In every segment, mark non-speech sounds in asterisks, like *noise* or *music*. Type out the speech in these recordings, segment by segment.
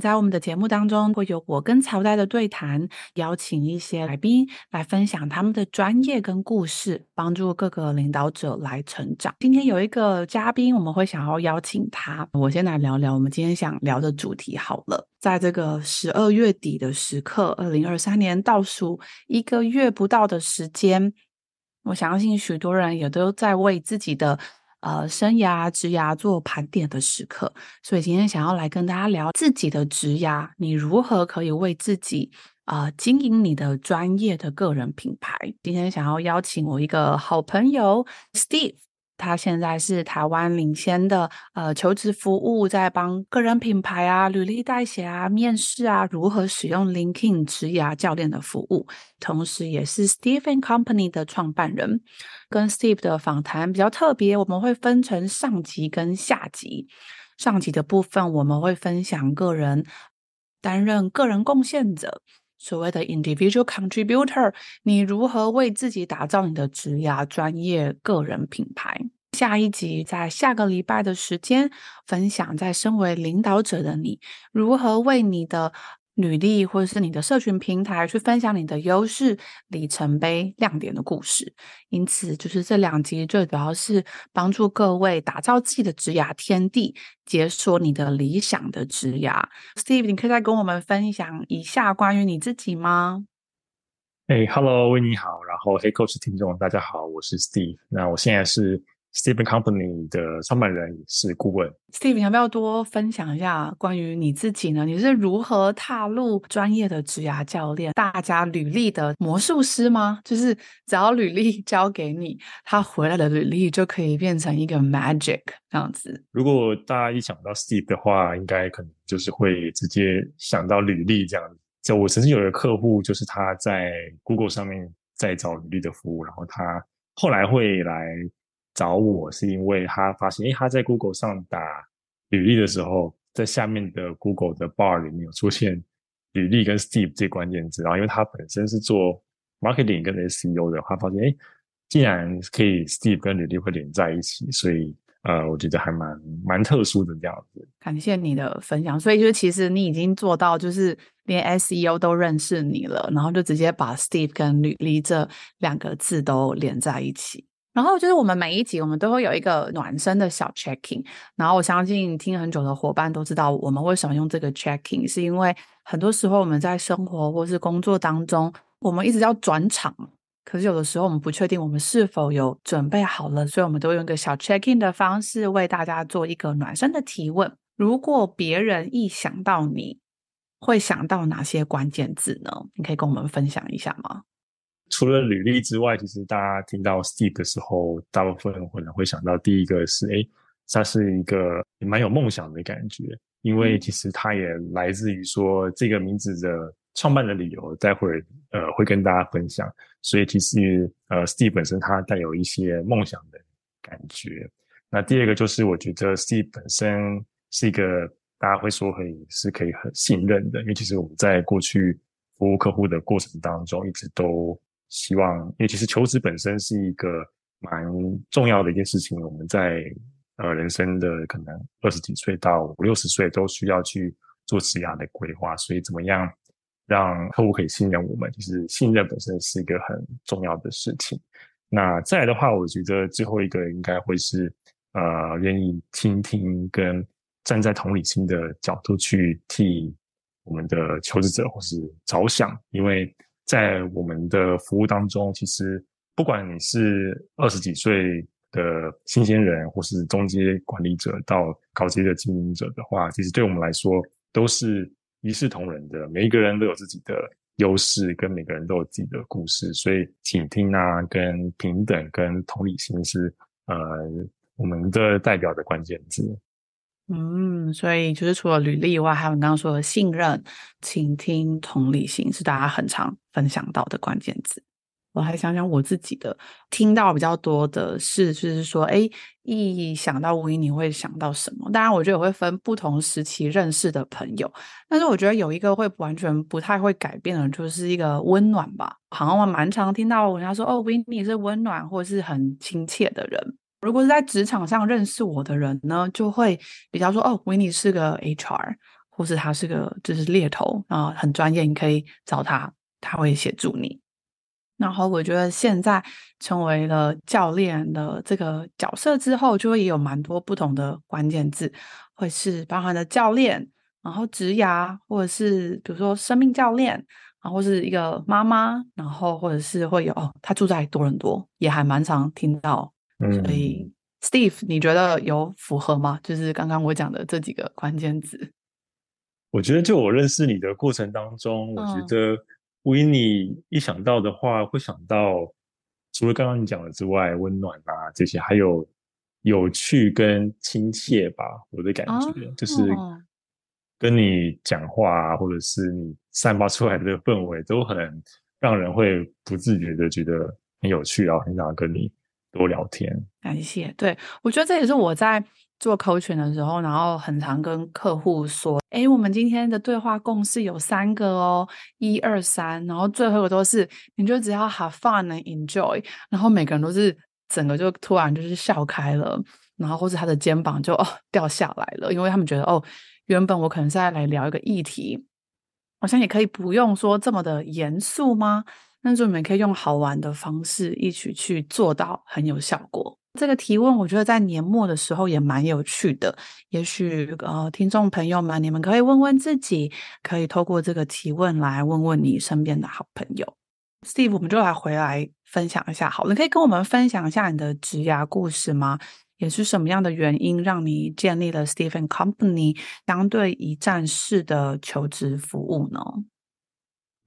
在我們的節目當中，會有我跟朝代的對談，邀請一些來賓來分享他們的專業跟故事，幫助各個領導者來成長。今天有一個嘉賓，我們會想要邀請他。我先來聊聊我們今天想聊的主題好了。在這個十二月底的時刻，二零二三年倒數一個月不到的時間，我相信許多人也都在為自己的。呃，生涯、職涯做盤點的時刻，所以今天想要來跟大家聊自己的職涯，你如何可以為自己啊、呃、經營你的專業的個人品牌？今天想要邀請我一個好朋友 Steve。他現在是台灣領先的呃求職服務，在幫個人品牌啊、履歷代寫啊、面試啊，如何使用 LinkedIn 職業教練的服務。同時，也是 Steve & Company 的創辦人，跟 Steve 的訪談比較特別。我們會分成上集跟下集，上集的部分我們會分享個人擔任個人貢獻者，所謂的 individual contributor，你如何為自己打造你的職涯、專業、個人品牌？下一集在下個禮拜的時間，分享在身為領導者的你，如何為你的，履歷，或者是你的社群平台，去分享你的優勢、里程碑、亮點的故事。因此，就是這兩集最主要是幫助各位打造自己的職涯天地，解鎖你的理想的職涯。Steve，你可以再跟我們分享一下關於你自己嗎？哎、hey，Hello，為你好，然後 Hey Coach 聽眾，大家好，我是 Steve。那我現在是。Steve & Company 的創辦人是顧問。Steve，你要不要多分享一下關於你自己呢？你是如何踏入專業的職涯教練？大家履歷的魔術師嗎？就是只要履歷交給你，他回來的履歷就可以變成一個 magic 這樣子。如果大家一想到 Steve 的話，應該可能就是會直接想到履歷這樣子。就我曾經有一個客戶，就是他在 Google 上面在找履歷的服務，然後他後來會來。找我是因為他發現，誒、欸，他在 Google 上打履歷的時候，在下面的 Google 的 bar 裡面有出現履歷跟 Steve 這關鍵字，然後因為他本身是做 marketing 跟 SEO 的，他發現，誒、欸，竟然可以 Steve 跟履歷會連在一起，所以呃，我覺得還蠻蠻特殊的這樣子。感謝你的分享，所以就其實你已經做到就是連 SEO 都認識你了，然後就直接把 Steve 跟履歷這兩個字都連在一起。然後就是我們每一集，我們都會有一個暖身的小 check-in，然後我相信聽很久的夥伴都知道，我們為什麼用這個 check-in，是因為很多時候我們在生活或是工作當中，我們一直要轉場，可是有的時候我們不確定我們是否有準備好了，所以我們都用一個小 check-in 的方式為大家做一個暖身的提問。如果別人一想到你，會想到哪些關鍵字呢？你可以跟我們分享一下嗎？除了履歷之外，其實大家聽到 Steve 的時候，大部分可能會想到第一個是，哎，他是一個蠻有夢想的感覺，因為其實他也來自於說這個名字的創辦的理由，待會兒呃會跟大家分享，所以其實呃 Steve 本身他帶有一些夢想的感覺。那第二個就是我覺得 Steve 本身是一個大家會說可以，是可以很信任的，因為其實我們在過去服務客戶的過程當中一直都。希望，因為其實求職本身是一個蠻重要的一件事情，我們在呃人生的可能二十幾歲到五六十歲都需要去做職涯的規劃，所以怎麼樣讓客戶可以信任我們，就是信任本身是一個很重要的事情。那再來的話，我覺得最後一個應該會是呃願意傾聽跟站在同理心的角度去替我們的求職者或是着想，因為。在我們的服務當中，其實不管你是二十幾歲的新鮮人，或是中階管理者到高階的經營者的話，其實對我們來說都是一視同仁的。每一個人都有自己的優勢，跟每個人都有自己的故事，所以傾聽啊，跟平等跟同理心是呃我們的代表的關鍵字。嗯，所以就是除了履歷以外，還有你剛剛說的信任、傾聽、同理心，是大家很常分享到的關鍵字。我還想想我自己的，聽到比較多的是，就是說，哎，一想到無英，你會想到什麼？當然，我覺得我會分不同時期認識的朋友，但是我覺得有一個會完全不太會改變的，就是一個溫暖吧。好像我蠻常聽到人家說，哦，無英你是溫暖或是很親切的人。如果是在職場上認識我的人呢，就會比較說，哦，Winnie 是個 HR，或是他是個就是獵頭啊，然後很專業，你可以找他，他會協助你。然後我覺得現在成為了教練的這個角色之後，就會也有蠻多不同的關鍵字，會是包含了教練，然後職涯，或者是比如說生命教練，然後是一個媽媽，然後或者是會有哦，她住在多倫多，也還蠻常聽到。所以，Steve，、嗯、你覺得有符合嗎？就是剛剛我講的這幾個關鍵字。我覺得，就我認識你的過程當中，嗯、我覺得 Winnie 一想到的話，會想到除了剛剛你講的之外，溫暖啊這些，還有有趣跟親切吧。我的感覺、嗯、就是跟你講話、啊，或者是你散發出來的氛圍，都很讓人會不自覺的覺得很有趣啊，很想要跟你多聊天，感謝。對，我覺得這也是我在做 coaching 的時候，然後很常跟客戶說：“哎，我們今天的對話共識有三個哦，一二三。”然後最後都是你就只要 have fun and enjoy。然後每個人都是整個就突然就是笑開了，然後或者他的肩膀就哦掉下來了，因為他們覺得哦，原本我可能是在來聊一個議題，好像也可以不用說這麼的嚴肅嗎？那我們可以用好玩的方式一起去做到很有效果。這個提問我覺得在年末的時候也蠻有趣的。也許呃，聽眾朋友們，你們可以問問自己，可以透過這個提問來問問你身邊的好朋友。Steve，我們就來回來分享一下，好了，你可以跟我們分享一下你的職涯故事嗎？也是什麼樣的原因讓你建立了 Steve & Company 相對一站式的求職服務呢？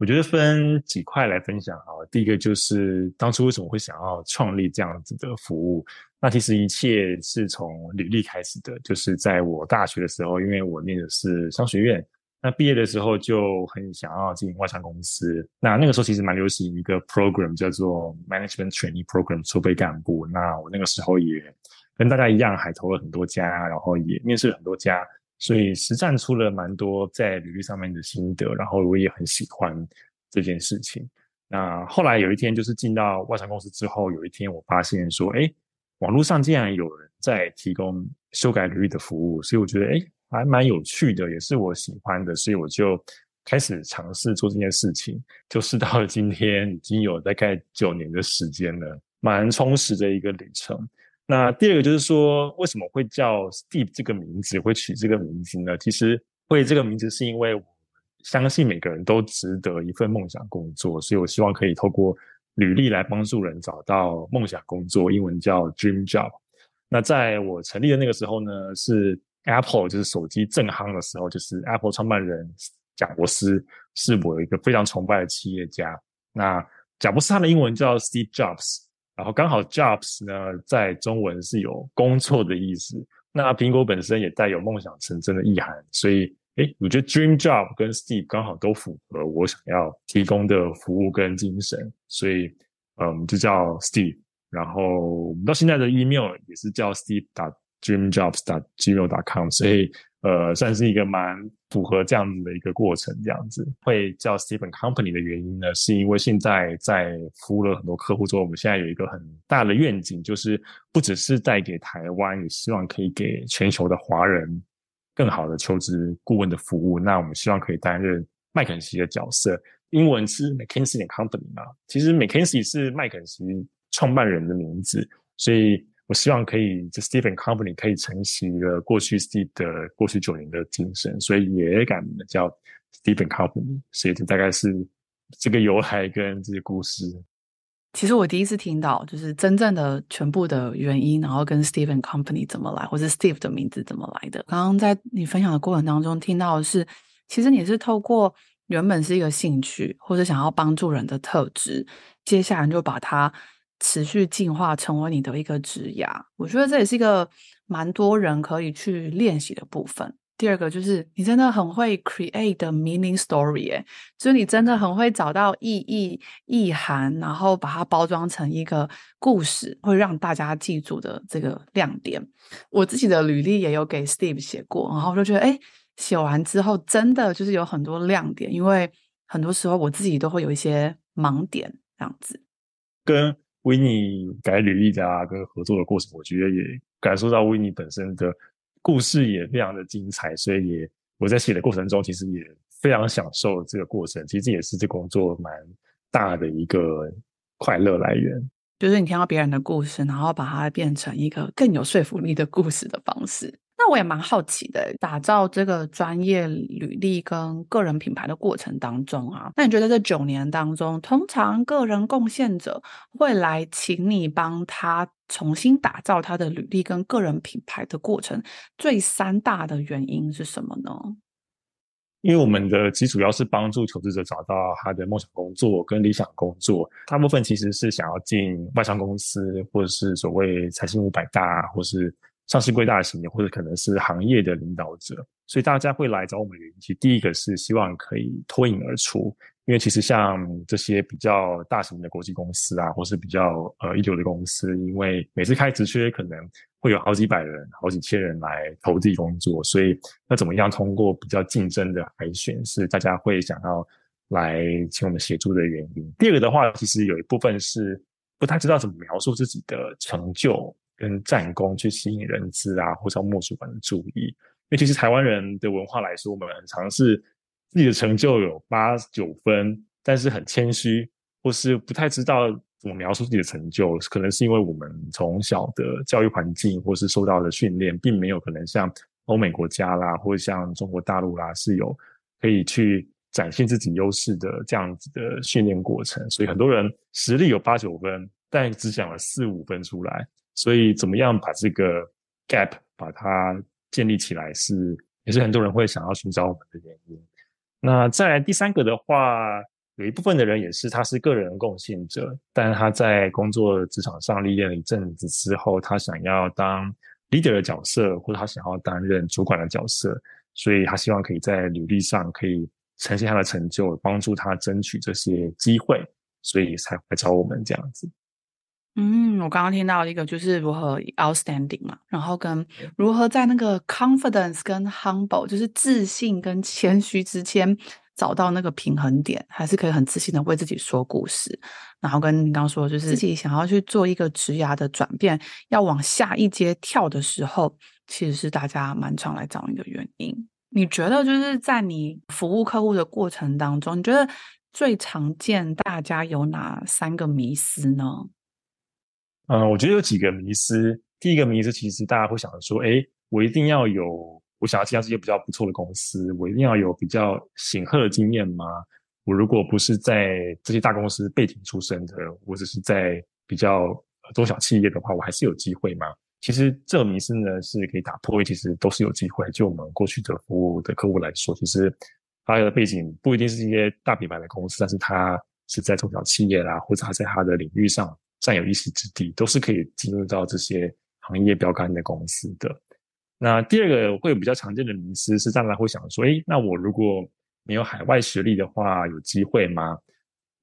我覺得分幾塊來分享啊。第一個就是當初為什麼會想要創立這樣子的服務。那其實一切是從履歷開始的。就是在我大學的時候，因為我念的是商學院，那畢業的時候就很想要進外商公司。那那個時候其實蠻流行一個 program 叫做 management training program 儲備幹部。那我那個時候也跟大家一樣，海投了很多家，然後也面試了很多家。所以實戰出了蠻多在履歷上面的心得，然後我也很喜歡這件事情。那後來有一天，就是進到外商公司之後，有一天我發現說，哎、欸，網絡上竟然有人在提供修改履歷的服務，所以我覺得哎、欸，還蠻有趣的，也是我喜歡的，所以我就開始嘗試做這件事情。就是到了今天，已經有大概九年的時間了，蠻充實的一個旅程。那第二個就是說，為什麼會叫 Steve 這個名字，會取這個名字呢？其實，為這個名字是因為我相信每個人都值得一份夢想工作，所以我希望可以透過履歷來幫助人找到夢想工作，英文叫 Dream Job。那在我成立的那個時候呢，是 Apple 就是手機正夯的時候，就是 Apple 創辦人賈伯斯，是我一個非常崇拜的企業家。那賈伯斯他的英文叫 Steve Jobs。然後剛好 jobs 呢，在中文是有工作的意思。那蘋果本身也帶有夢想成真的意涵，所以，哎，我覺得 dream job 跟 Steve 剛好都符合我想要提供的服務跟精神，所以，嗯，就叫 Steve。然後，我們到現在的 email 也是叫 Steve. dot dream jobs. dot gmail. dot com。所以呃，算是一個蠻符合這樣子的一個過程，這樣子會叫 Steve & Company 的原因呢，是因為現在在服務了很多客戶之後，我們現在有一個很大的願景，就是不只是帶給台灣，也希望可以給全球的華人更好的求職顧問的服務。那我們希望可以擔任麥肯錫的角色，英文是 McKinsey and Company 嘛，其實 McKinsey 是麥肯錫創辦人的名字，所以。我希望可以，這 Steve & Company 可以承襲了過去 Steve 的過去九年的精神，所以也改名叫 Steve & Company。所以就大概是這個由來跟這些故事。其實我第一次聽到，就是真正的全部的原因，然後跟 Steve & Company 怎麼來，或者 Steve 的名字怎麼來的。剛剛在你分享的過程當中聽到的是，其實你是透過原本是一個興趣，或者想要幫助人的特質，接下來你就把它。持續進化成為你的一個職業，我覺得這也是一個蠻多人可以去練習的部分。第二個就是你真的很會 create meaning story，哎，就是你真的很會找到意義、意涵，然後把它包裝成一個故事，會讓大家記住的這個亮點。我自己的履歷也有給 Steve 寫過，然後我就覺得，哎，寫完之後真的就是有很多亮點，因為很多時候我自己都會有一些盲點，這樣子跟。維尼 *music* 改履歷的啊，跟合作的過程，我覺得也感受到維尼本身的故事也非常的精彩，所以也我在寫的過程中，其實也非常享受這個過程，其實也是這工作蠻大的一個快樂來源，就是你聽到別人的故事，然後把它變成一個更有說服力的故事的方式。那我也蠻好奇的，打造這個專業履歷跟個人品牌的過程當中啊，那你覺得這九年當中，通常個人貢獻者會來請你幫他重新打造他的履歷跟個人品牌的過程，最三大的原因是什麼呢？因為我們的其實主要是幫助求職者找到他的夢想工作跟理想工作，大部分其實是想要進外商公司，或者是所謂財新五百大，或是。上市規大型的，或者可能是行業的領導者，所以大家會來找我們的原因，其實第一個是希望可以脫穎而出，因為其實像這些比較大型的國際公司啊，或是比較呃一流的公司，因為每次開職缺，可能會有好幾百人、好幾千人來投遞工作，所以要怎麼樣通過比較競爭的海選是大家會想要來請我們協助的原因。第二個的話，其實有一部分是不太知道怎麼描述自己的成就，跟戰功去吸引人資啊，或是要美術館的注意。因為其實台灣人的文化來說，我們很常是自己的成就有八九分，但是很謙虛，或是不太知道怎麼描述自己的成就。可能是因為我們從小的教育環境，或是受到的訓練，並沒有可能像歐美國家啦，或者像中國大陸啦，是有可以去展現自己優勢的這樣子的訓練過程。所以很多人實力有八九分，但只講了四五分出來。所以，怎麼樣把這個 gap 把它建立起來，是也是很多人會想要尋找我們的原因。那再來第三個的話，有一部分的人也是他是個人貢獻者，但是他在工作職場上歷練了一陣子之後，他想要當 leader 的角色，或者他想要擔任主管的角色，所以他希望可以在履歷上可以呈現他的成就，幫助他爭取這些機會，所以才會找我們這樣子。嗯，我剛剛聽到一個，就是如何 outstanding 嘛，然後跟如何在那個 confidence 跟 humble，就是自信跟謙虛之間找到那個平衡點，還是可以很自信的為自己說故事。然後跟你剛剛說，就是自己想要去做一個職涯的轉變，要往下一階跳的時候，其實是大家蠻常來找你的原因。你覺得就是在你服務客戶的過程當中，你覺得最常見大家有哪三個迷思呢？嗯，我覺得有幾個迷思。第一個迷思，其實大家會想着說：“誒，我一定要有我想要接是這些比較不錯的公司，我一定要有比較顯赫的經驗嗎？我如果不是在這些大公司背景出身的，我只是在比較中小企業的話，我還是有機會嗎？”其實這個迷思呢是可以打破，其實都是有機會。就我們過去的服務的客戶來說，其實他的背景不一定是一些大品牌的公司，但是他是在中小企業啦，或者他在他的領域上。占有一席之地，都是可以進入到這些行業標杆的公司的。那第二個會有比較常見的迷思是，大家會想說，誒，那我如果沒有海外學歷的話，有機會嗎？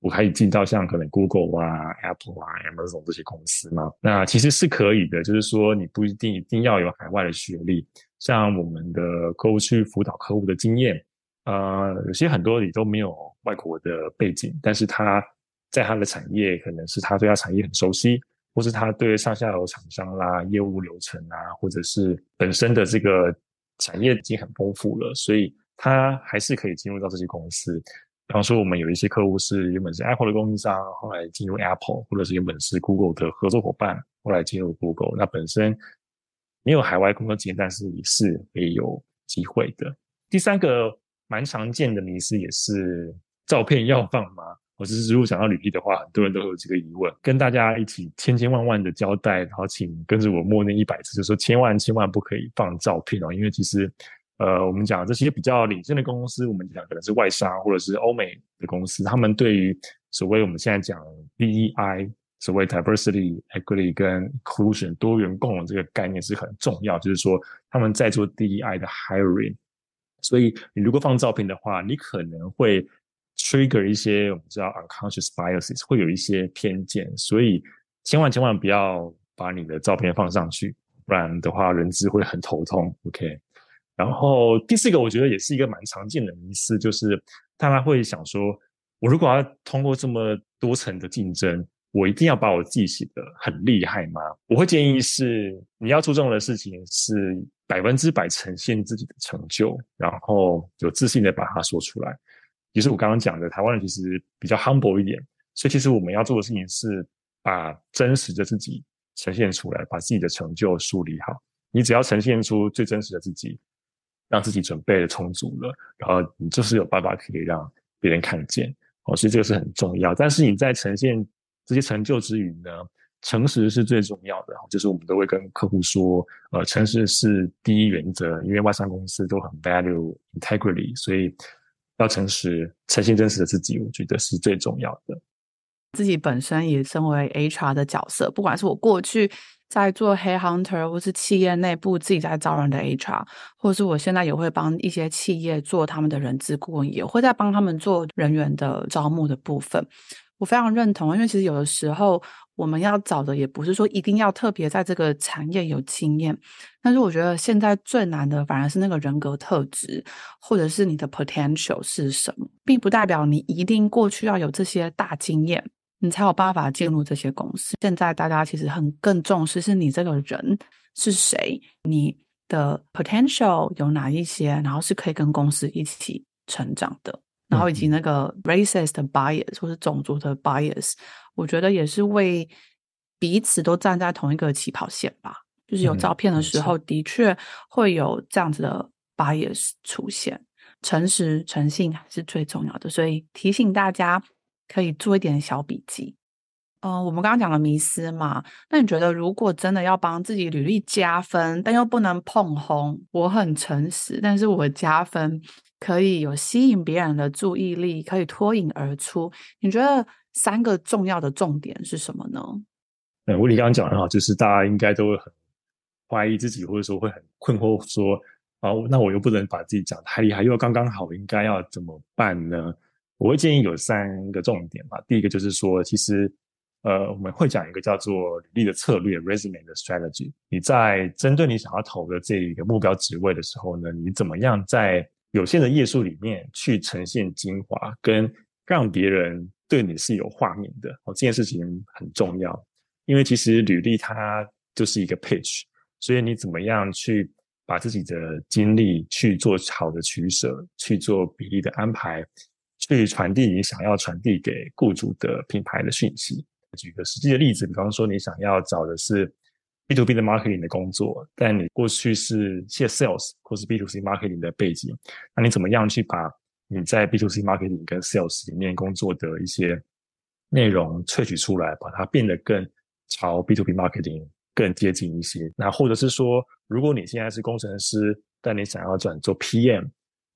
我可以進到像可能 Google 啊、Apple 啊、Amazon 這些公司嗎？那其實是可以的，就是說你不一定一定要有海外的學歷，像我們的客戶去輔導客戶的經驗，啊，呃，有些很多你都沒有外國的背景，但是他。在他的產業，可能是他對他產業很熟悉，或是他對上下游廠商啦、業務流程啊，或者是本身的這個產業已經很豐富了，所以他還是可以進入到這些公司。比方說，我們有一些客戶是原本是 Apple 的供應商，後來進入 Apple，或者是原本是 Google 的合作夥伴，後來進入 Google。那本身沒有海外工作經驗，但是也是可以有機會的。第三個蠻常見的迷思也是：照片要放嗎？嗯我只是如果想要履歷的話，很多人都有這個疑問，跟大家一起千千萬萬的交代，然後請跟着我默念一百次，就是說千萬千萬不可以放照片哦，因為其實，呃，我們講這些比較領先的公司，我們講可能是外商或者是歐美的公司，他們對於所謂我們現在講 DEI，所謂 diversity，equity 跟 inclusion 多元共融這個概念是很重要，就是說他們在做 DEI 的 hiring，所以你如果放照片的話，你可能會，trigger 一些我們知道 unconscious biases 會有一些偏見，所以千萬千萬不要把你的照片放上去，不然的話，人資會很頭痛。OK，然後第四個，我覺得也是一個蠻常見的迷思，就是大家會想說，我如果要通過這麼多層的競爭，我一定要把我自己寫的很厲害嗎？我會建議是，你要注重的事情是百分之百呈現自己的成就，然後有自信的把它說出來。也是我剛剛講的，台灣人其實比較 humble 一點，所以其實我們要做的事情是把真實的自己呈現出來，把自己的成就梳理好。你只要呈現出最真實的自己，讓自己準備的充足了，然後你就是有辦法可以讓別人看見。哦，所以這個是很重要。但是你在呈現這些成就之餘呢，誠實是最重要的。就是我們都會跟客戶說，呃，誠實是第一原則，因為外商公司都很 value integrity，所以。要誠實、誠信、真實的自己，我覺得是最重要的。自己本身也身為 HR 的角色，不管是我過去在做 Head Hunter，或是企業內部自己在招人的 HR，或者是我現在也會幫一些企業做他們的人資顧問，也會在幫他們做人員的招募的部分。我非常認同，因為其實有的時候。我們要找的也不是說一定要特別在這個產業有經驗，但是我覺得現在最難的反而是那個人格特質，或者是你的 potential 是什麼，並不代表你一定過去要有這些大經驗，你才有辦法進入這些公司。現在大家其實很更重視是你這個人是誰，你的 potential 有哪一些，然後是可以跟公司一起成長的。然後以及那個 racist bias 或是種族的 bias，我覺得也是為彼此都站在同一個起跑線吧。就是有照片的時候，的確會有這樣子的 bias 出現。誠實、誠信還是最重要的，所以提醒大家可以做一點小筆記。嗯、呃，我們剛剛講了迷思嘛，那你覺得如果真的要幫自己履歷加分，但又不能碰紅，我很誠實，但是我加分。可以有吸引別人的注意力，可以脫穎而出。你覺得三個重要的重點是什麼呢？哎、嗯，我跟你剛剛講很好，就是大家應該都會很懷疑自己，或者說會很困惑說，說啊，那我又不能把自己講得太厲害，因為剛剛好，應該要怎麼辦呢？我會建議有三個重點吧。第一個就是說，其實呃，我們會講一個叫做履歷的策略 （resume 的 strategy）。你在針對你想要投的這一個目標職位的時候呢，你怎麼樣在有限的頁數裡面去呈現精華，跟讓別人對你是有畫面的哦，這件事情很重要。因為其實履歷它就是一個 pitch，所以你怎麼樣去把自己的經歷去做好的取捨，去做比例的安排，去傳遞你想要傳遞給僱主的品牌的訊息。舉個實際的例子，比方說你想要找的是。B to B 的 marketing 的工作，但你過去是些 sales 或是 B to C marketing 的背景，那你怎麼樣去把你在 B to C marketing 跟 sales 裡面工作的一些內容萃取出來，把它變得更朝 B to B marketing 更接近一些？那或者是說，如果你現在是工程師，但你想要轉做 PM，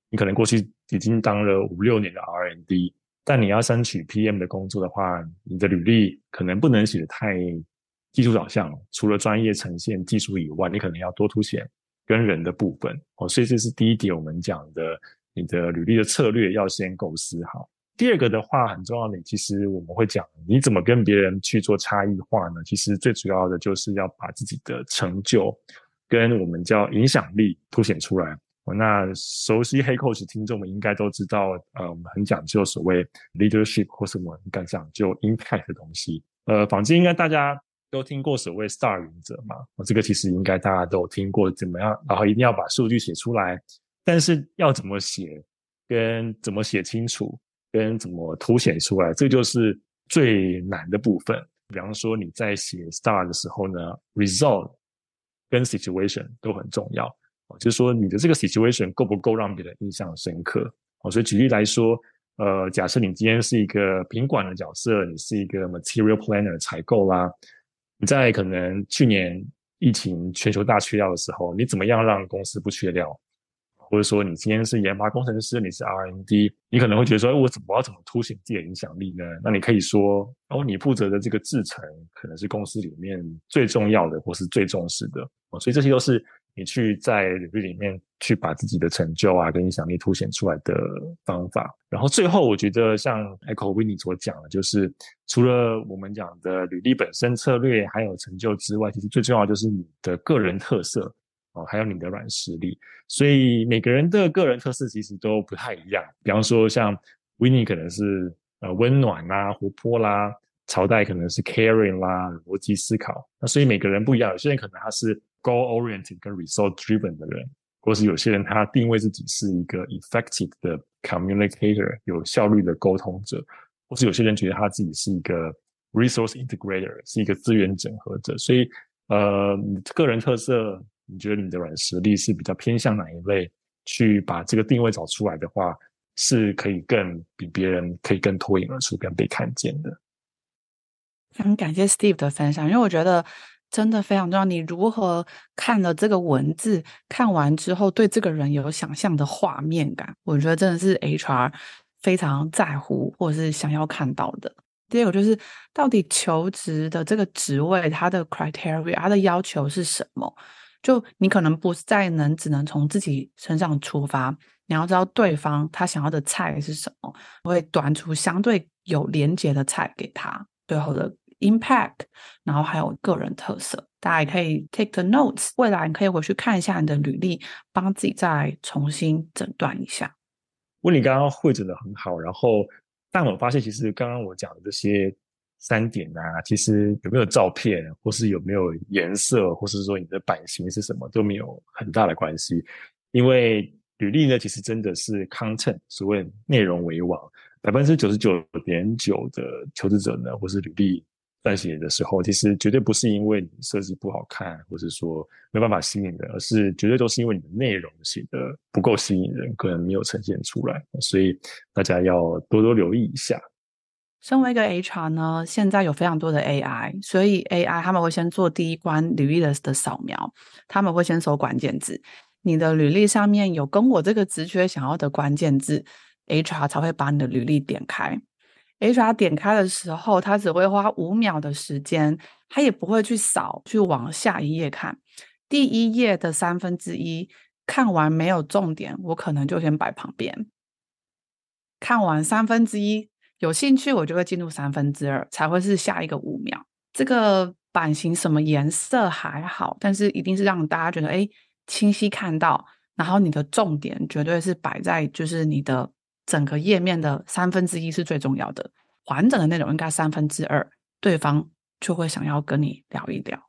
你可能過去已經當了五六年的 R&D，但你要爭取 PM 的工作的話，你的履歷可能不能寫得太。技術導向，除了專業呈現技術以外，你可能要多凸顯跟人的部分哦。所以這是第一點，我們講的你的履歷的策略要先構思好。第二個的話，很重要的其實我們會講你怎麼跟別人去做差異化呢？其實最主要的就是要把自己的成就跟我們叫影響力凸顯出來哦。那熟悉 Hey Coach 聽眾們應該都知道，呃，我們很講究所謂 leadership，或是我們更講究 impact 的東西。呃，反之應該大家。都聽過所謂 STAR 原則嘛？哦，這個其實應該大家都聽過，怎麼樣？然後一定要把數據寫出來，但是要怎麼寫，跟怎麼寫清楚，跟怎麼凸顯出來，這就是最難的部分。比方說你在寫 STAR 的時候呢，result 跟 situation 都很重要，就是說你的這個 situation 夠不夠讓別人印象深刻。所以舉例來說，呃，假設你今天是一個品管的角色，你是一個 material planner 的採購啦。你在可能去年疫情全球大缺料的時候，你怎麼樣讓公司不缺料？或者說，你今天是研發工程師，你是 R&D，你可能會覺得說，哎，我怎麼，我要怎麼凸顯自己的影響力呢？那你可以說，哦，你負責的這個制程可能是公司裡面最重要的，或是最重視的。所以這些都是。你去在履歷裡面去把自己的成就啊跟影響力凸顯出來的方法，然後最後我覺得像 Echo Winnie 所講的，就是除了我們講的履歷本身策略還有成就之外，其實最重要就是你的個人特色、嗯、哦，還有你的軟實力。所以每個人的個人特色其實都不太一樣，比方說像 Winnie 可能是呃溫暖啦、活潑啦，朝代可能是 Caring 啦、邏輯思考，那所以每個人不一樣，有些人可能他是。goal-oriented 跟 result-driven 的人，或是有些人他定位自己是一個 effective 的 communicator，有效率的溝通者，或是有些人覺得他自己是一個 resource integrator，是一個資源整合者。所以，呃，你個人特色，你覺得你的軟實力是比較偏向哪一類？去把這個定位找出來的話，是可以更比別人，可以更脫穎而出，更被看見的。非常感謝 Steve 的分享，因為我覺得。真的非常重要，你如何看了這個文字，看完之後對這個人有想象的畫面感，我覺得真的是 HR 非常在乎，或者是想要看到的。第二個就是，到底求職的這個職位，他的 criteria，他的要求是什麼？就你可能不再能只能從自己身上出發，你要知道對方他想要的菜是什麼，我會端出相對有連結的菜給他。最後的。Impact，然後還有個人特色，大家也可以 take the notes。未來你可以回去看一下你的履歷，幫自己再重新診斷一下。問你剛剛會診的很好，然後但我發現其實剛剛我講的這些三點啊，其實有沒有照片，或是有沒有顏色，或是說你的版型是什麼，都沒有很大的關係。因為履歷呢，其實真的是 content，所謂內容為王。百分之九十九點九的求職者呢，或是履歷。撰寫的時候，其實絕對不是因為你設計不好看，或是說沒辦法吸引人，而是絕對都是因為你的內容寫得不夠吸引人，可能沒有呈現出來，所以大家要多多留意一下。身為一個 HR 呢，現在有非常多的 AI，所以 AI 他們會先做第一關履歷的的掃描，他們會先搜關鍵字，你的履歷上面有跟我這個職缺想要的關鍵字，HR 才會把你的履歷點開。HR 點開的時候，它只會花五秒的時間，它也不會去掃，去往下一頁看。第一頁的三分之一看完沒有重點，我可能就先擺旁邊。看完三分之一有興趣，我就會進入三分之二，才會是下一個五秒。這個版型什麼顏色還好，但是一定是讓大家覺得，哎，清晰看到，然後你的重點絕對是擺在就是你的。整個頁面的三分之一是最重要的，完整的內容應該三分之二，對方就會想要跟你聊一聊。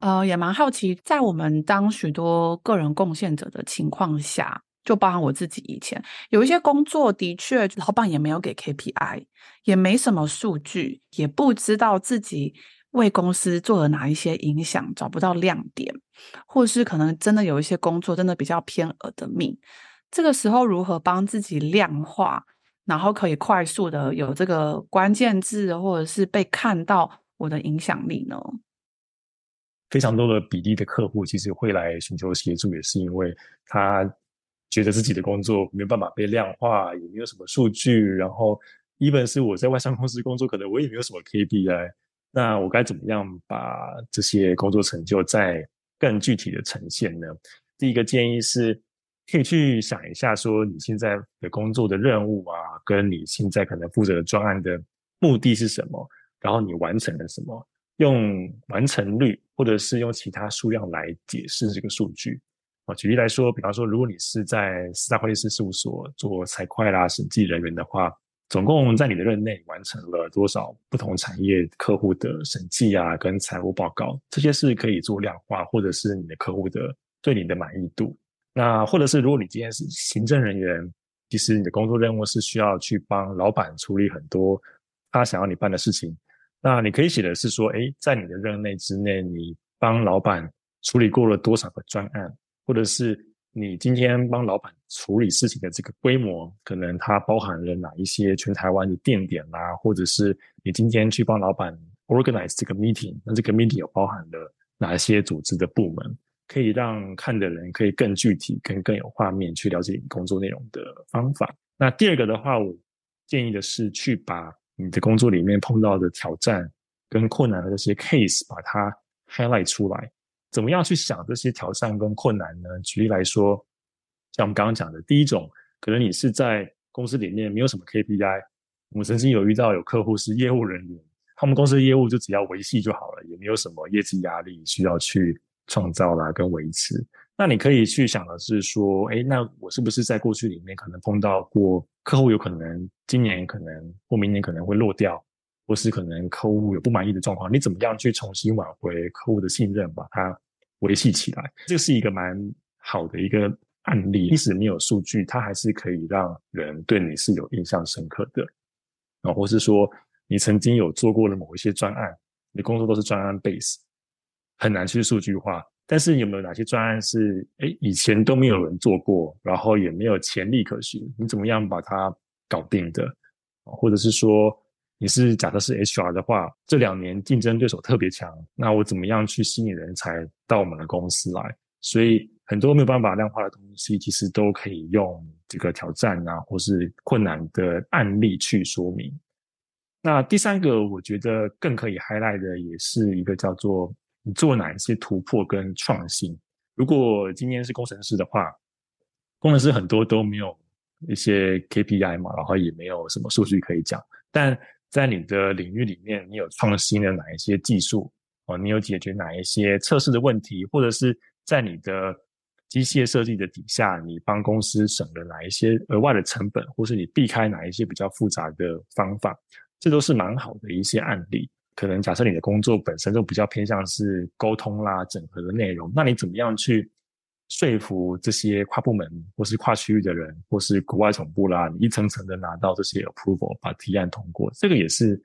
呃，也蠻好奇，在我們當許多個人貢獻者的情況下，就包含我自己以前有一些工作，的確老闆也沒有給 KPI，也沒什麼數據，也不知道自己為公司做了哪一些影響，找不到亮點，或是可能真的有一些工作真的比較偏而的命。這個時候如何幫自己量化，然後可以快速的有這個關鍵字，或者是被看到我的影響力呢？非常多的比例的客戶其實會來尋求協助，也是因為他覺得自己的工作沒有辦法被量化，也沒有什麼數據。然後，even 是我在外商公司工作，可能我也沒有什麼 KPI，那我該怎麼樣把這些工作成就再更具體的呈現呢？第一個建議是。可以去想一下，說你現在的工作的任務啊，跟你現在可能負責的專案的目的是什麼？然後你完成了什麼？用完成率，或者是用其他數量來解釋這個數據。啊，舉例來說，比方說，如果你是在四大會計師事務所做財會啦、審計人員的話，總共在你的任內完成了多少不同產業客戶的審計啊，跟財務報告，這些是可以做量化，或者是你的客戶的對你的滿意度。那或者是如果你今天是行政人員，其實你的工作任務是需要去幫老板處理很多他想要你辦的事情。那你可以寫的是說，哎，在你的任內之內，你幫老板處理過了多少個專案，或者是你今天幫老板處理事情的這個規模，可能它包含了哪一些全台灣的店點啦、啊，或者是你今天去幫老板 organize 這個 meeting，那這個 meeting 有包含了哪一些組織的部門？可以讓看的人可以更具體、更更有畫面去了解你工作內容的方法。那第二個的話，我建議的是去把你的工作裡面碰到的挑戰跟困難的這些 case，把它 highlight 出來。怎麼樣去想這些挑戰跟困難呢？舉例來說，像我們剛剛講的第一種，可能你是在公司裡面沒有什麼 KPI。我們曾經有遇到有客戶是業務人員，他們公司的業務就只要維繫就好了，也沒有什麼業績壓力需要去。創造啦、啊、跟維持，那你可以去想的是說，哎、欸，那我是不是在過去裡面可能碰到過客戶，有可能今年可能或明年可能會落掉，或是可能客戶有不滿意的狀況，你怎麼樣去重新挽回客戶的信任，把它維繫起來？這是一個蠻好的一個案例。即使你有數據，它還是可以讓人對你是有印象深刻的，然、啊、後或是說你曾經有做過了某一些專案，你工作都是專案 base。很難去數據化，但是有沒有哪些專案是哎、欸、以前都沒有人做過，然後也沒有前例可循，你怎麼樣把它搞定的？或者是說你是假設是 HR 的話，這兩年競爭對手特別強，那我怎麼樣去吸引人才到我們的公司來？所以很多沒有辦法量化的東西，其實都可以用這個挑戰啊，或是困難的案例去說明。那第三個我覺得更可以 highlight 的，也是一個叫做。你做哪一些突破跟創新？如果今天是工程師的話，工程師很多都沒有一些 KPI 嘛，然後也沒有什麼數據可以講。但在你的領域裡面，你有創新的哪一些技術哦？你有解決哪一些測試的問題，或者是在你的機械設計的底下，你幫公司省了哪一些額外的成本，或是你避開哪一些比較複雜的方法，這都是蠻好的一些案例。可能假設你的工作本身就比較偏向是溝通啦、整合的內容，那你怎麼樣去說服這些跨部門或是跨區域的人，或是國外總部啦，你一層層的拿到這些 approval，把提案通過，這個也是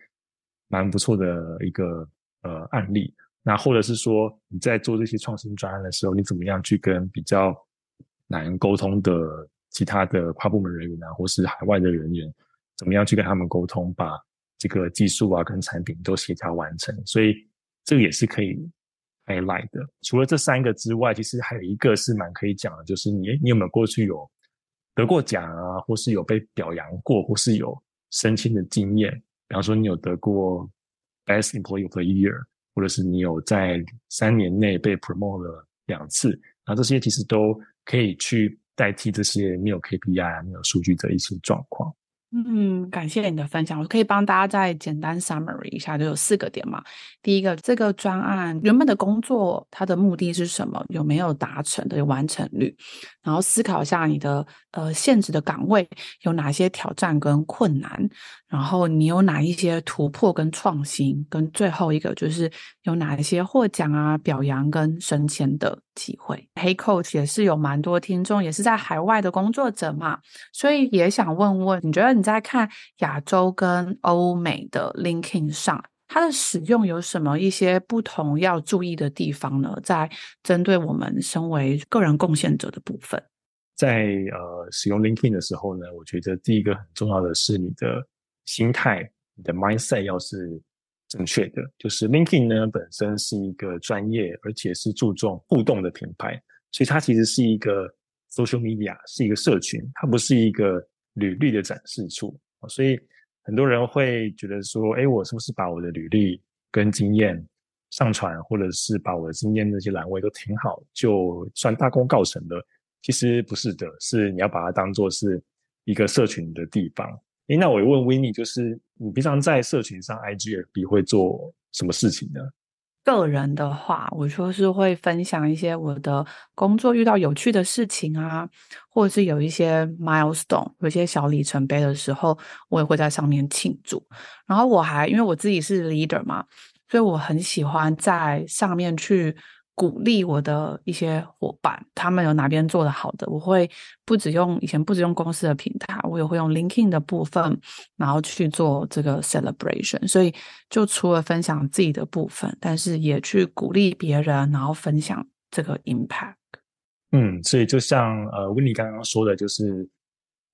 蠻不錯的一個呃案例。那或者是說你在做這些創新專案的時候，你怎麼樣去跟比較難溝通的其他的跨部門人員啊，或是海外的人員，怎麼樣去跟他們溝通吧，吧？這個技術啊，跟產品都協調完成，所以這個也是可以 highlight 的。除了這三個之外，其實還有一個是蠻可以講的，就是你，你有沒有過去有得過獎啊，或是有被表揚過，或是有升遷的經驗？比方說，你有得過 Best Employee of the Year，或者是你有在三年內被 promote 了兩次，那這些其實都可以去代替這些沒有 KPI，啊，沒有數據的一些狀況。嗯，感謝你的分享。我可以幫大家再簡單 summary 一下，就有四個點嘛。第一個，這個專案原本的工作，它的目的是什麼？有沒有達成的完成率？然後思考一下你的呃，現職的崗位有哪些挑戰跟困難？然後你有哪一些突破跟創新？跟最後一個就是有哪一些獲獎啊、表揚跟升遷的機會？Hey Coach 也是有蠻多聽眾，也是在海外的工作者嘛，所以也想問問，你覺得？你在看亞洲跟歐美的 LinkedIn 上，它的使用有什麼一些不同要注意的地方呢？在針對我們身為個人貢獻者的部分，在呃使用 LinkedIn 的時候呢，我覺得第一個很重要的是你的心態，你的 mindset 要是正確的。就是 LinkedIn 呢本身是一個專業而且是注重互動的品牌，所以它其實是一個 social media，是一個社群，它不是一個履歷的展示處，所以很多人會覺得說，誒、欸，我是不是把我的履歷跟經驗上傳，或者是把我的經驗那些欄位都填好，就算大功告成了？其實不是的，是你要把它當做是一個社群的地方。誒、欸，那我一問 Winnie 就是你平常在社群上 IG FB 會做什麼事情呢？個人的話，我就是會分享一些我的工作遇到有趣的事情啊，或者是有一些 milestone，有一些小里程碑的時候，我也會在上面慶祝。然後我還因為我自己是 leader 嘛，所以我很喜歡在上面去。鼓勵我的一些夥伴，他們有哪邊做的好的，我會不止用以前不止用公司的平台，我也會用 LinkedIn 的部分，然後去做這個 celebration。所以就除了分享自己的部分，但是也去鼓勵別人，然後分享這個 impact。嗯，所以就像呃 Winnie 剛剛說的，就是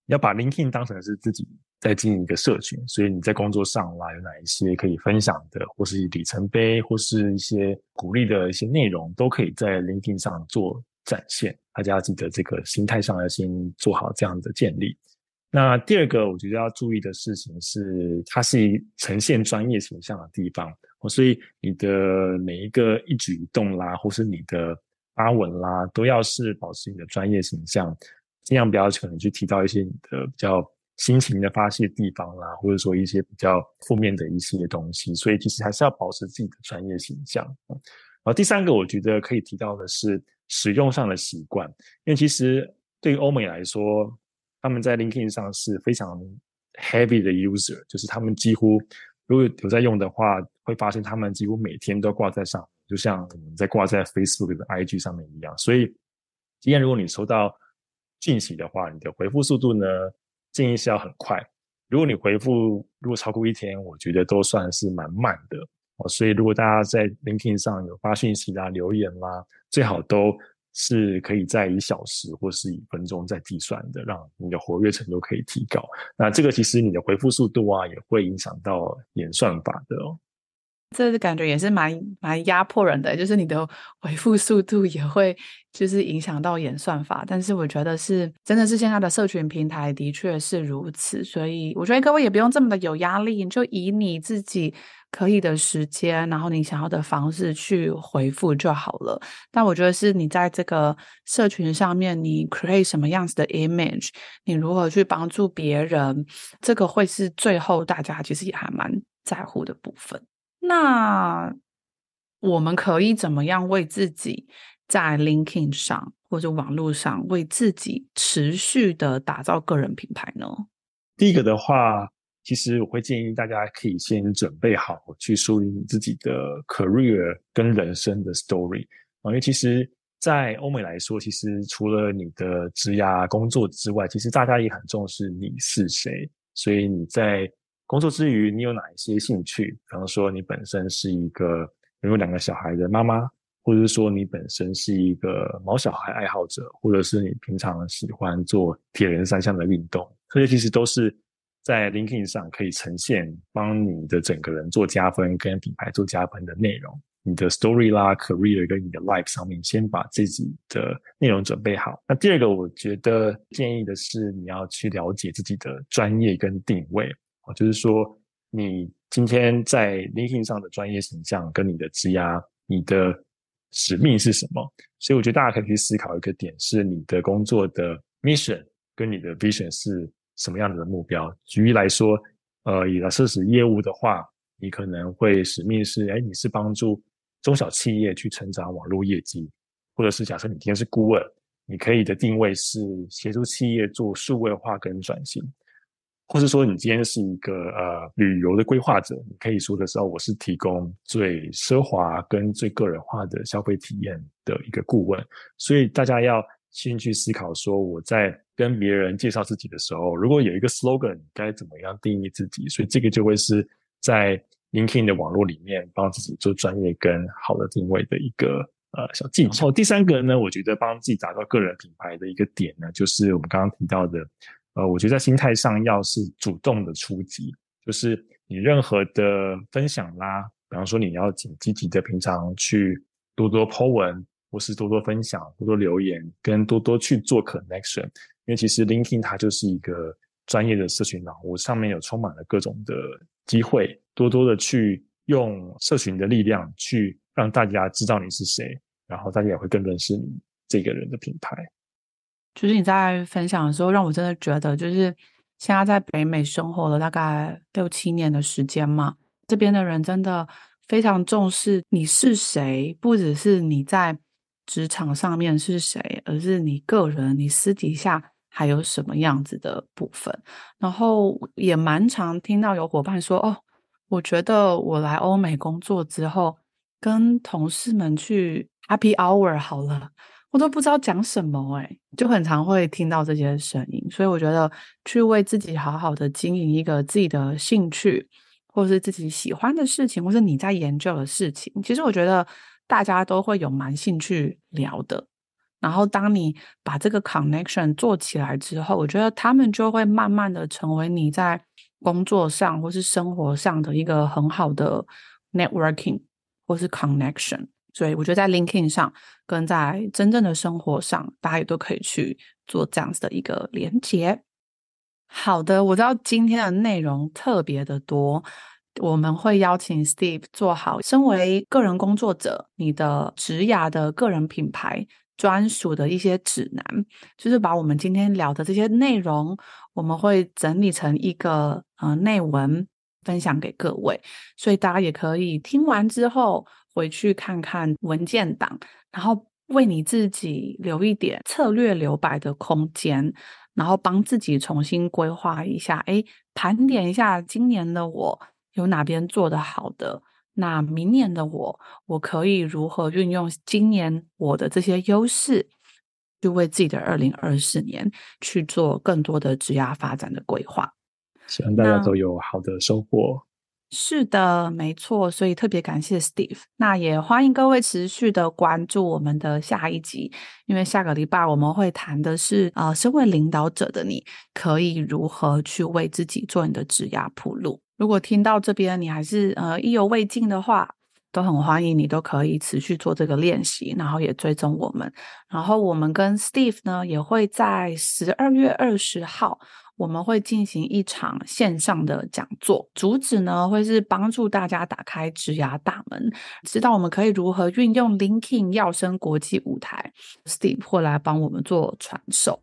要把 LinkedIn 當成是自己再進行一個社群，所以你在工作上啦，有哪一些可以分享的，或是里程碑，或是一些鼓勵的一些內容，都可以在 LinkedIn 上做展現。大家要記得這個心態上要先做好這樣的建立。那第二個我覺得要注意的事情是，它是呈現專業形象的地方，所以你的每一個一舉一動啦，或是你的發文啦，都要是保持你的專業形象，盡量不要可能去提到一些你的比較。心情的發洩地方啦、啊，或者說一些比較負面的一些東西，所以其實還是要保持自己的專業形象。然後第三個，我覺得可以提到的是使用上的習慣，因為其實對於歐美來說，他們在 LinkedIn 上是非常 heavy 的 user，就是他們幾乎如果有在用的話，會發現他們幾乎每天都掛在上面，就像我們在掛在 Facebook 的 IG 上面一樣。所以今天如果你收到訊息的話，你的回復速度呢？建議是要很快，如果你回復如果超過一天，我覺得都算是蠻慢的哦。所以如果大家在 LinkedIn 上有發訊息啦、啊、留言啦、啊，最好都是可以在一小時或是一分鐘再計算的，讓你的活躍程度可以提高。那這個其實你的回復速度啊，也會影響到演算法的哦。這感覺也是蠻蠻壓迫人的，就是你的回復速度也會就是影響到演算法。但是我覺得是真的是現在的社群平台的確是如此，所以我覺得各位也不用這麼的有壓力，你就以你自己可以的時間，然後你想要的方式去回復就好了。但我覺得是你在這個社群上面，你 create 什麼樣子的 image，你如何去幫助別人，這個會是最後大家其實也還蠻在乎的部分。那我們可以怎麼樣為自己在 LinkedIn 上或者網絡上為自己持續的打造個人品牌呢？第一個的話，其實我會建議大家可以先準備好去梳理你自己的 career 跟人生的 story 啊、嗯，因為其實在歐美來說，其實除了你的職涯工作之外，其實大家也很重視你是誰，所以你在，工作之餘，你有哪一些興趣？比方說，你本身是一個有兩個小孩的媽媽，或者是說你本身是一個毛小孩愛好者，或者是你平常喜歡做鐵人三項的運動，這些其實都是在 LinkedIn 上可以呈現，幫你的整個人做加分，跟品牌做加分的內容。你的 story 啦，career 跟你的 life 上面，先把自己的內容準備好。那第二個，我覺得建議的是，你要去了解自己的專業跟定位。就是說，你今天在 LinkedIn 上的專業形象跟你的資歷、你的使命是什麼？所以我覺得大家可以去思考一個點：是你的工作的 Mission 跟你的 Vision 是什麼樣子的目標。舉例來說，呃，以來設實業務的話，你可能會使命是：哎、欸，你是幫助中小企業去成長網絡業績，或者是假設你今天是顧問，你可以的定位是協助企業做數位化跟轉型。或是說，你今天是一個呃旅遊的規劃者，你可以說的時候，我是提供最奢華跟最個人化的消費體驗的一個顧問。所以大家要先去思考，說我在跟別人介紹自己的時候，如果有一個 slogan，你該怎麼樣定義自己？所以這個就會是在 LinkedIn 的網絡裡面幫自己做專業跟好的定位的一個呃小技巧。第三個呢，我覺得幫自己打造個人品牌的一個點呢，就是我們剛剛提到的。呃，我覺得在心態上，要是主動的出擊，就是你任何的分享啦，比方說你要積積極的平常去多多 Po 文，或是多多分享、多多留言，跟多多去做 connection，因為其實 LinkedIn 它就是一個專業的社群網，我上面有充滿了各種的機會，多多的去用社群的力量去讓大家知道你是誰，然後大家也會更認識你這個人的品牌。就是你在分享的時候，讓我真的覺得，就是現在在北美生活了大概六七年的時間嘛，這邊的人真的非常重視你是誰，不只是你在職場上面是誰，而是你個人，你私底下還有什麼樣子的部分。然後也蠻常聽到有夥伴說，哦，我覺得我來歐美工作之後，跟同事們去 Happy Hour 好了。我都不知道講什麼誒，就很常會聽到這些聲音，所以我覺得去為自己好好的經營一個自己的興趣，或是自己喜歡的事情，或是你在研究的事情，其實我覺得大家都會有蠻興趣聊的。然後當你把這個 connection 做起來之後，我覺得他們就會慢慢的成為你在工作上或是生活上的一個很好的 networking 或是 connection。所以我覺得在 LinkedIn 上跟在真正的生活上，大家也都可以去做這樣子的一個連接。好的，我知道今天的內容特別的多，我們會邀請 Steve 做好身為個人工作者你的職涯的個人品牌專屬的一些指南，就是把我們今天聊的這些內容，我們會整理成一個呃內文分享給各位，所以大家也可以聽完之後。回去看看文件檔，然後為你自己留一點策略留白的空間，然後幫自己重新規劃一下。哎，盤點一下今年的我有哪邊做得好的，那明年的我，我可以如何運用今年我的這些優勢，去為自己的二零二四年去做更多的職業發展的規劃。希望大家都有好的收穫。是的，沒錯，所以特別感謝 Steve，那也歡迎各位持續的關注我們的下一集，因為下個禮拜我們會談的是，呃，身為領導者的你可以如何去為自己做你的職涯鋪路。如果聽到這邊你還是呃意猶未盡的話，都很歡迎你都可以持續做這個練習，然後也追蹤我們，然後我們跟 Steve 呢也會在十二月二十號。我們會進行一場線上的講座，主旨呢會是幫助大家打開職涯大門，知道我們可以如何運用 LinkedIn 躍升國際舞台。Steve 會來幫我們做傳授。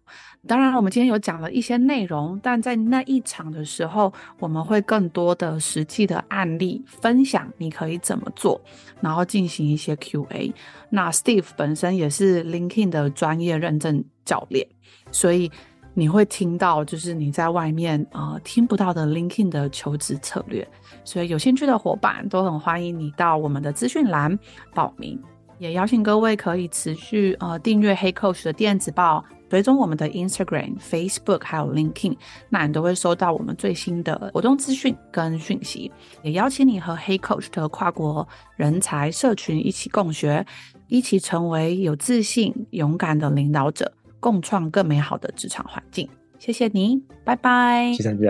當然，我們今天有講了一些內容，但在那一場的時候，我們會更多的實際的案例分享，你可以怎麼做，然後進行一些 QA。那 Steve 本身也是 LinkedIn 的專業認證教練，所以。你會聽到，就是你在外面啊、呃、聽不到的 LinkedIn 的求職策略，所以有興趣的夥伴都很歡迎你到我們的資訊欄報名。也邀請各位可以持續呃訂閱 Hey Coach 的電子報，追蹤我們的 Instagram、Facebook 還有 LinkedIn，那你都會收到我們最新的活動資訊跟訊息。也邀請你和 Hey Coach 的跨國人才社群一起共學，一起成為有自信、勇敢的領導者。共創更美好的職場環境，謝謝你，拜拜，謝謝大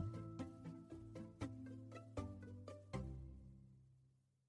家。